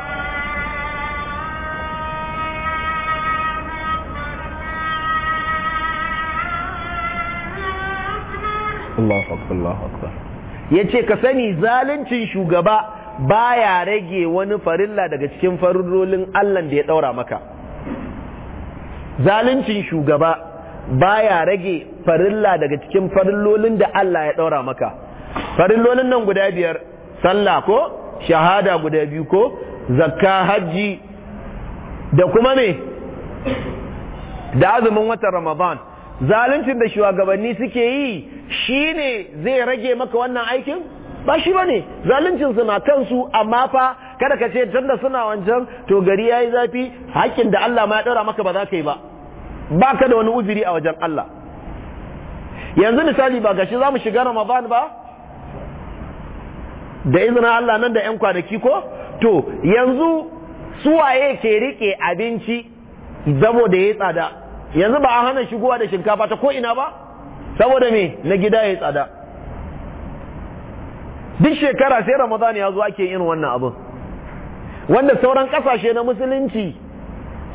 Allahu akbar yace ka sani zaluncin shugaba baya rage wani farilla daga cikin farrolin Allah da ya daura maka zaluncin shugaba baya rage farilla daga cikin farillolin da Allah ya daura maka farillolin nan guda biyar sallah ko shahada guda biyu ko zakka hajji da kuma me da azumin watan ramadan zaluncin da shugabanni suke yi shi ne zai rage maka wannan aikin ba shi ba zaluncin su na kansu amma fa kada ka ce da suna wancan to gari ya yi zafi hakkin da Allah ma ya daura maka ba za ka yi ba ba ka da wani uziri a wajen Allah yanzu misali ba gashi za mu shiga Ramadan ba da izina Allah nan da 'yan kwanaki ko to yanzu suwaye ke rike abinci zabo da ya tsada yanzu ba a hana shigowa da shinkafa ta ko'ina ba saboda me na gida ya tsada duk shekara sai ramadan ya zo ake yin wannan abin wanda sauran kasashe na musulunci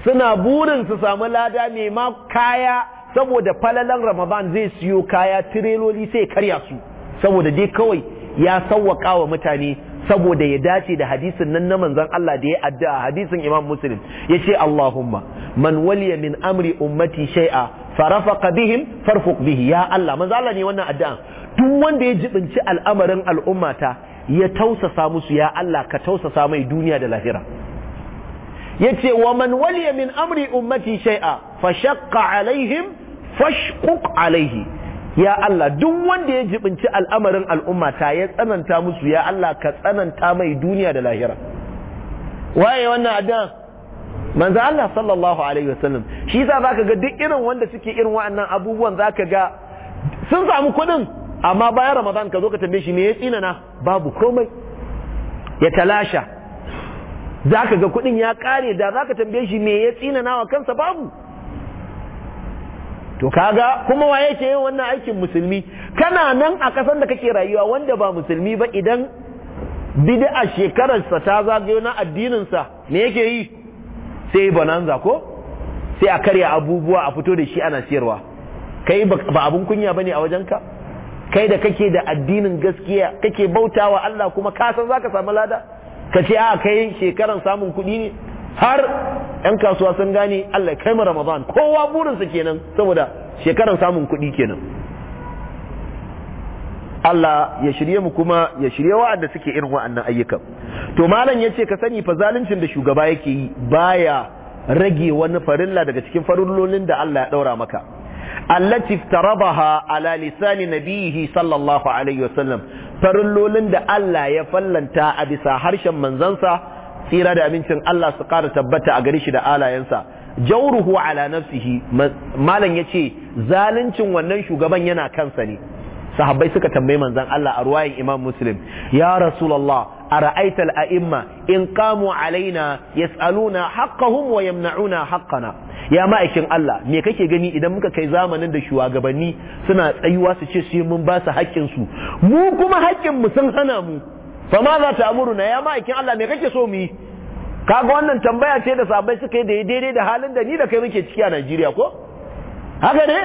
suna burin su samu lada mai ma kaya saboda falalan ramadan zai siyo kaya tireloli sai karya su saboda dai kawai ya sauwaka wa mutane saboda ya dace da hadisin nan na manzon Allah da ya addu'a hadisin Imam Muslim yace Allahumma man waliya min amri ummati shay'a farafaqa bihim farfuq bihi ya Allah manzo Allah ne wannan addu'a duk wanda ya jibinci al'amarin al'ummata ya tausasa musu ya Allah ka tausasa mai duniya da lahira yace wa man waliya min amri ummati shay'a fashaqqa alaihim fashquq alaihi ya Allah duk wanda ya jibinci al'amarin ta ya tsananta musu ya Allah ka tsananta mai duniya da lahira waye wannan addu'a manzo Allah sallallahu alaihi wasallam shi yasa zaka ga duk irin wanda suke irin wa'annan abubuwan ka ga sun samu kuɗin amma bayan Ramadan ka zo ka tambaye shi me ya tsinana babu komai ya talasha ka ga kuɗin ya kare da zaka tambaye shi me ya tsinana wa kansa babu to kaga kuma wa yake yin wannan aikin musulmi kana nan a kasan da kake rayuwa wanda ba musulmi ba idan bid'a shekararsa ta zagayo na addinin sa me yake yi sai bananza ko sai a karya abubuwa a fito da shi ana siyarwa kai ba abun kunya bane a ka. kai da kake da addinin gaskiya kake bautawa Allah kuma ka san zaka samu lada ka ce a kai shekaran samun kuɗi ne har yan kasuwa sun gane Allah kai mu Ramadan kowa burinsa kenan saboda shekarar samun kuɗi kenan Allah ya shirye mu kuma ya shirye wa'anda suke irin wa'annan ayyukan to malam ce ka sani fa zaluncin da shugaba yake yi baya rage wani farilla daga cikin farillolin da Allah ya daura maka allati iftarabaha ala lisani nabihi sallallahu alaihi wasallam farillolin da Allah ya fallanta a bisa harshen manzansa tsira da amincin Allah su ƙara tabbata a gare shi da alayensa jauruhu ala nafsihi malam ce zaluncin wannan shugaban yana kansa ne sahabbai suka tambayi manzon Allah a ruwayin Imam Muslim ya Rasulullah ara'aita al-a'imma in qamu alaina yas'aluna haqqahum wa yamna'una haqqana ya ma'aikin Allah me kake gani idan muka kai zamanin da shugabanni suna tsayuwa su ce sai mun ba su haƙƙin su mu kuma haƙƙin mu sun hana mu fa ma za ta amuru na ya ma'aikin Allah me kake so mu yi kaga wannan tambaya ce da sabai suka yi da daidai da halin da ni da kai muke ciki a Najeriya ko haka ne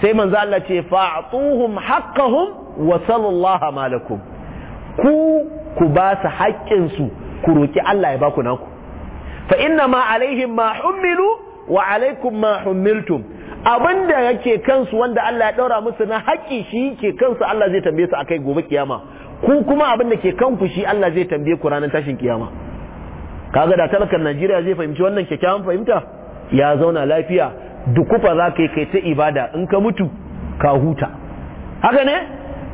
sai manzo Allah ce fa'tuhum haqqahum wa sallallahu malakum ku ku ba su haƙƙin su ku roki Allah ya ba ku naku fa inna ma alaihim ma hummilu wa alaikum ma humiltum abinda yake kansu wanda Allah ya daura musu na haƙƙi shi yake kansu Allah zai tambaye su akai gobe kiyama ku kuma abin da ke kan fushi Allah zai tambaye ku ranar tashin kiyama kaga da talakan Najeriya zai fahimci wannan kyakkyawan fahimta ya zauna lafiya dukufa za ka yi kai ta ibada in ka mutu ka huta haka ne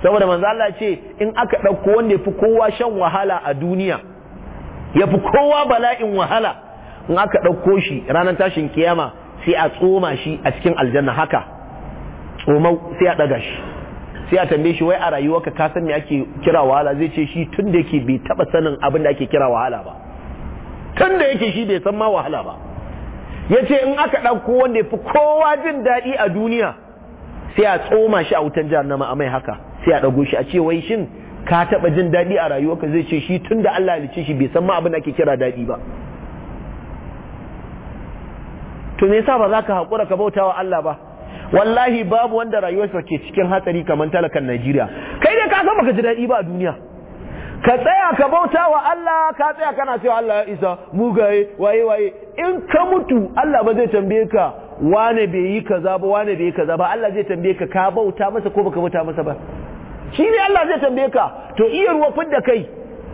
saboda manzo Allah ce in aka ɗauko wanda ya fi kowa shan wahala a duniya ya fi kowa bala'in wahala in aka ɗauko shi ranar tashin kiyama sai a tsoma shi a cikin aljanna haka tsomau sai a ɗaga shi sai a tambaye shi wai a rayuwarka ka san me ake kira wahala zai ce shi tun da yake bai taba sanin abin da ake kira wahala ba tun da yake shi bai san ma wahala ba ya ce in aka ɗauko wanda ya fi kowa jin daɗi a duniya sai a tsoma shi a wutan jahannama a mai haka sai a ɗago shi a ce wai shin ka taɓa jin daɗi a rayuwarka zai ce shi tun da Allah halicce shi bai san ma abin da ake kira daɗi ba to me yasa ba za ka haƙura ka bauta wa Allah ba wallahi babu wanda rayuwarsa ke cikin hatsari kamar talakan Najeriya kai dai ka san baka ji daɗi ba a duniya ka tsaya ka bauta wa Allah ka tsaya kana cewa Allah ya isa mugaye waye waye in ka mutu Allah ba zai tambaye ka wane bai yi kaza ba wane bai yi kaza ba Allah zai tambaye ka ka bauta masa ko baka bauta masa ba shi ne Allah zai tambaye ka to iya ruwa fidda kai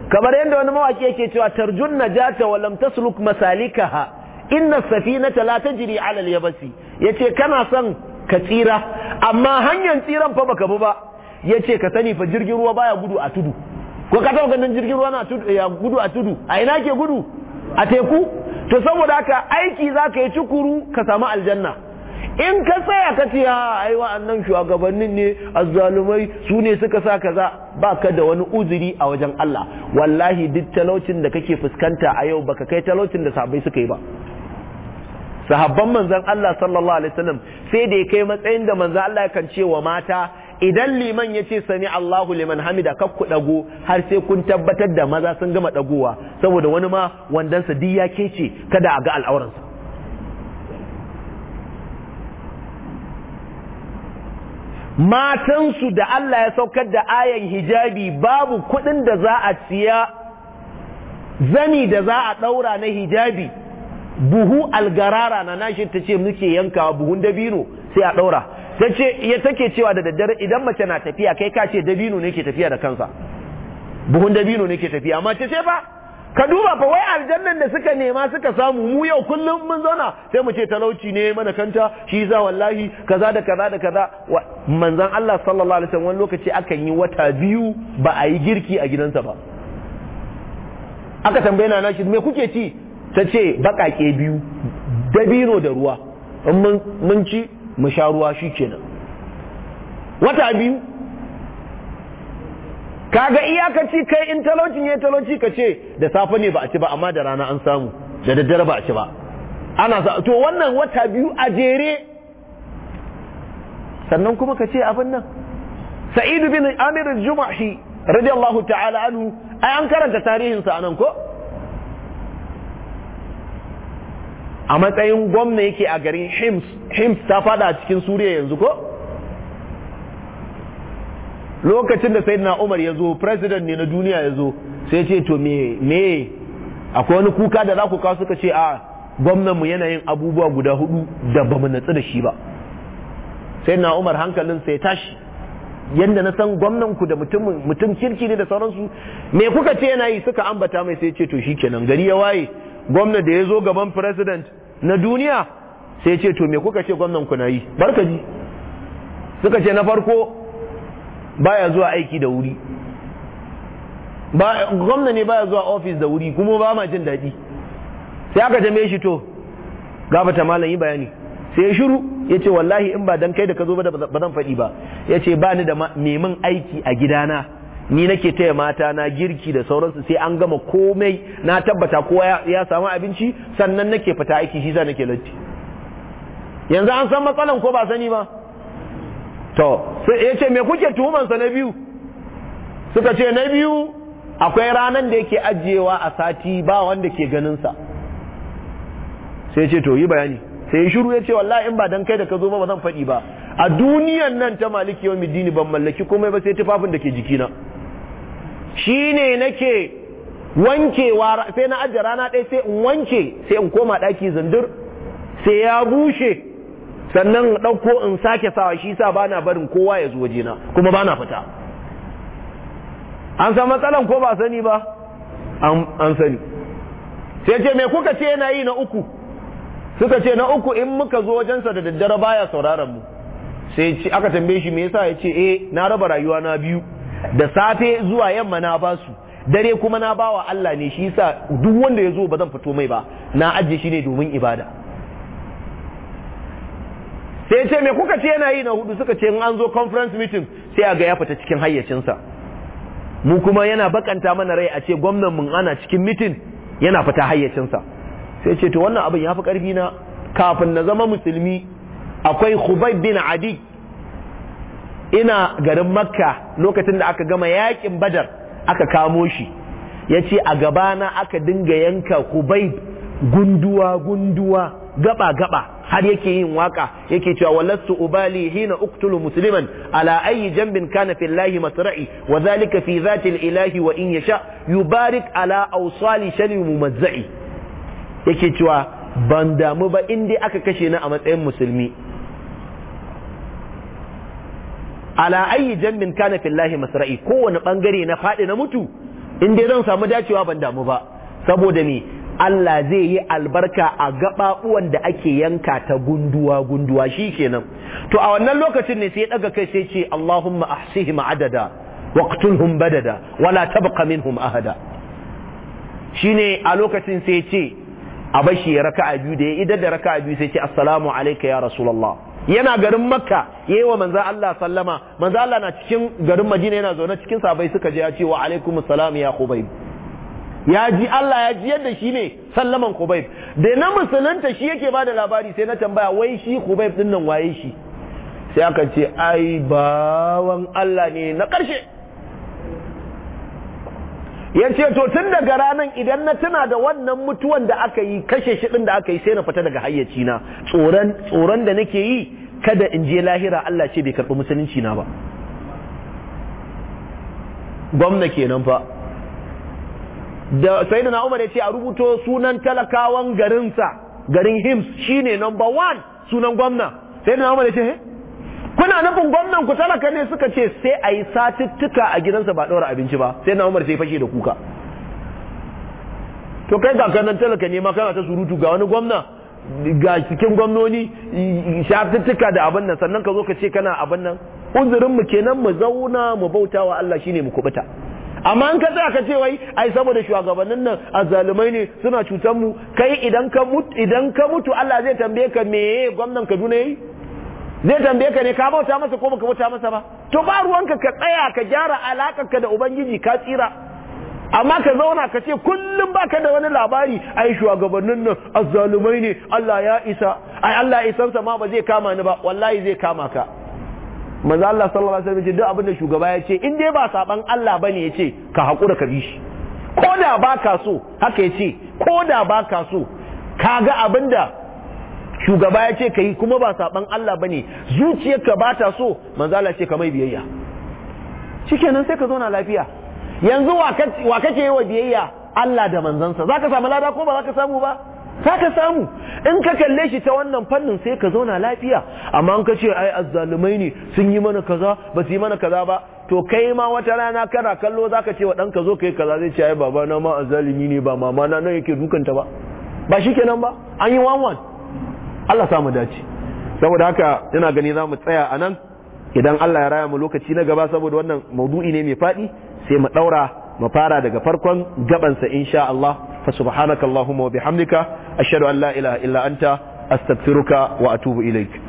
kamar yadda wani mawaki yake cewa tarjun najata wa lam tasluk masalikaha inna safinata la tajri ala al-yabasi yace kana son ka tsira amma hanyar tsiran fa baka bi ba Ya ce ka sani fa jirgin ruwa baya gudu a tudu ko ka taba ganin jirgin ruwa na tudu ya gudu a tudu a ina ke gudu a teku to saboda haka aiki zaka yi cikuru ka samu aljanna in ka tsaya ka ce ha ai wa'annan shugabannin ne azzalumai su ne suka sa ba ka da wani uzuri a wajen Allah wallahi duk talaucin da kake fuskanta a yau baka kai talaucin da sabai suka yi ba sahabban manzon Allah sallallahu alaihi wasallam sai da ya kai matsayin da manzon Allah kan ce wa mata idan liman ya ce sani Allahu liman hamida kak ku dago har sai kun tabbatar da maza sun gama dagowa saboda wani ma wandansa duk ya kece kada a ga al'auransa su da Allah ya saukar da ayan hijabi babu kuɗin da za a siya zani da za a ɗaura na hijabi buhu algarara na nashi ta ce muke yankawa buhun dabino sai a ɗaura ta ce ya take cewa da daddare idan mace na tafiya kai ka ce dabino ne ke tafiya da kansa buhun dabino ne ke tafiya amma ce ce fa ka duba fa wai aljannan da suka nema suka samu mu yau kullum mun zauna sai mu ce talauci ne mana kanta shi za wallahi kaza da kaza da kaza manzon Allah sallallahu alaihi wasallam lokaci akan yi wata biyu ba a yi girki a gidansa ba aka tambaye na nashi me kuke ci ta ce baƙaƙe biyu dabino da ruwa in mun ci mu sha ruwa shi kenan wata biyu kaga iyakaci kai in talaucin ya talauci ka ce da safe ne ba a ci ba amma da rana an samu da daddare ba a ci ba ana sa to wannan wata biyu a jere sannan kuma ka ce abin nan sa'idu bin amir juma'i radiyallahu ta'ala anhu ai an karanta tarihin sa anan ko a matsayin gwamna yake a garin hims hims ta fada cikin suriya yanzu ko lokacin da na umar ya zo president ne na duniya ya zo sai ce to me me akwai wani kuka da za ku kawo suka ce a gwamnanmu yanayin yanayin abubuwa guda hudu da ba mu natsu da shi ba na umar hankalin sai tashi yadda na san gwamnan ku da mutum kirki ne da sauransu me kuka ce yana yi suka ambata mai sai ce to shi shikenan gari ya waye gwamna da ya zo gaban president na duniya sai ce to me kuka ce gwamnan ku na yi barka ji suka ce na farko baya zuwa aiki da wuri gwamna ne baya zuwa ofis da wuri kuma ba ma jin daɗi sai aka jame shi to gabata malam yi bayani sai ya shiru ya ce wallahi in ba dan kai da ka zo ba da zan faɗi ba ya ce ba ni da neman aiki a gidana ni nake taya mata na girki da sauransu sai an gama komai na tabbata kowa ya samu abinci sannan nake fita aiki shi sa nake latti yanzu an san matsalan ko ba sani ba to sai ya ce me kuke sa na biyu suka ce na biyu akwai ranan da yake ajiyewa a sati ba wanda ke ganinsa sai ce to yi bayani sai shiru ya ce wallahi in ba dan kai da ka zo ba ba zan faɗi ba a duniyan nan ta maliki yau ban mallaki komai ba sai tufafin da ke jikina shi ne nake wankewa sai na ajiye rana ɗaya sai in wanke sai in koma ɗaki zindir sai ya bushe sannan ɗauko in sake sawa shi sa bana barin kowa ya zo wajena kuma bana fita an san matsalan ko ba sani ba an sani sai ce me kuka ce yana yi na uku suka ce na uku in muka zo wajensa da daddare baya sauraron mu sai aka tambaye shi me yasa ya ce eh na raba rayuwa na biyu da safe zuwa yamma na basu dare kuma na bawa Allah ne shi yasa duk wanda ya zo ba zan fito mai ba na ajiye shi ne domin ibada sai ce me kuka ce yana yi na hudu suka ce in an zo conference meeting sai a ga ya fita cikin hayyacinsa mu kuma yana bakanta mana rai a ce gwamnan mun ana cikin mitin yana fita hayyacinsa sai ce to wannan abin ya fi karfi na kafin na zama musulmi akwai Khubayb bin Adi ina garin makka lokacin da aka gama yakin badar aka kamo shi ya ce a gabana aka dinga yanka kubai gunduwa gunduwa gaba gaba har yake yin waka yake cewa walastu ubali hina uktulu musliman ala ayi jambin kana fillahi masra'i wa zalika fi zati ilahi wa in yasha yubarik ala awsali shali mumazzai yake cewa ban damu ba in aka kashe ni a matsayin musulmi ala ayi jammin kana fillahi masra'i kowane bangare na faɗi na mutu in dai zan samu dacewa ban damu ba saboda me Allah zai yi albarka a gaɓaɓuwan da ake yanka ta gunduwa gunduwa shi kenan to a wannan lokacin ne sai ya daga kai sai ce Allahumma ahsihim adada waqtulhum badada wala tabqa minhum ahada shine a lokacin sai ce a bashi raka'a biyu da ya idar da raka'a biyu sai ce assalamu alayka ya rasulullah yana garin makka ya yi wa manza Allah sallama manza Allah na cikin garin madina yana zaune cikin sabai suka je ya ce wa alaikum salam ya kubai ya ji Allah ya ji yadda shi ne sallaman kubaib da na musulunta shi yake ba da labari sai na tambaya wai shi kubaib din nan waye shi sai aka ce ai bawan Allah ne na karshe ya ce to tun daga ranar idan na tuna da wannan mutuwan da aka yi kashe shi ɗin da aka yi sai na fita daga hayyaci na tsoron da nake yi kada in je lahira Allah ce bai karɓi musulunci na ba gwamna kenan fa da sai na umar ya ce a rubuto sunan talakawan garinsa garin hims shine number one sunan gwamna sai na umar ya ce eh? kuna nufin gwamnan ku talaka ne suka ce sai a yi satuttuka a gidansa ba ɗora abinci ba sai na umar sai fashe da kuka to kai ga kanan talaka ne ma kana ta surutu ga wani gwamna ga cikin gwamnoni satuttuka da abin nan sannan ka zo ka ce kana abin nan uzurin mu kenan mu zauna mu bauta wa Allah shine mu kubuta amma in ka tsaya ka ce wai ai saboda shugabannin nan azzalumai ne suna cutar mu kai idan ka mutu Allah zai tambaye ka meye gwamnan Kaduna yi. zai tambaye ka ne ka bauta masa ko baka bauta masa ba to ba ruwanka ka tsaya ka gyara alakarka da ubangiji ka tsira amma ka zauna ka ce kullum baka da wani labari ai shugabannin nan azzalumai ne Allah ya isa ai Allah ya isa ma ba zai kama ni ba wallahi zai kama ka manzo Allah sallallahu alaihi wasallam ce duk abin da shugaba ya ce in dai ba saban Allah bane ya ce ka hakura ka bi shi koda baka so haka ya ce ko baka so kaga abinda shugaba ya ce ka yi kuma ba saban Allah ba ne zuciyarka ba ta so manzala ce ka mai biyayya shikenan sai ka zo na lafiya yanzu wa kake yi wa biyayya Allah da manzansa za ka samu lada ko ba za ka samu ba za ka samu in ka kalle shi ta wannan fannin sai ka zauna lafiya amma in ka ce ai azzalumai ne sun yi mana kaza ba su yi mana kaza ba to kai ma wata rana kana kallo za ka ce wa ɗanka zo ka yi kaza zai ce ai baba na ma azzalumi ne ba mama na nan yake dukanta ba ba shikenan ba an yi wanwan Allah samu dace saboda haka ina gani za mu tsaya a nan idan Allah ya raya mu lokaci na gaba saboda wannan maudu'i ne mai faɗi sai mu ɗaura mu fara daga farkon gabansa insha Allah fa subhanakallahumma wa bihamdika ashhadu an la ilaha illa anta astaghfiruka wa atubu ilaik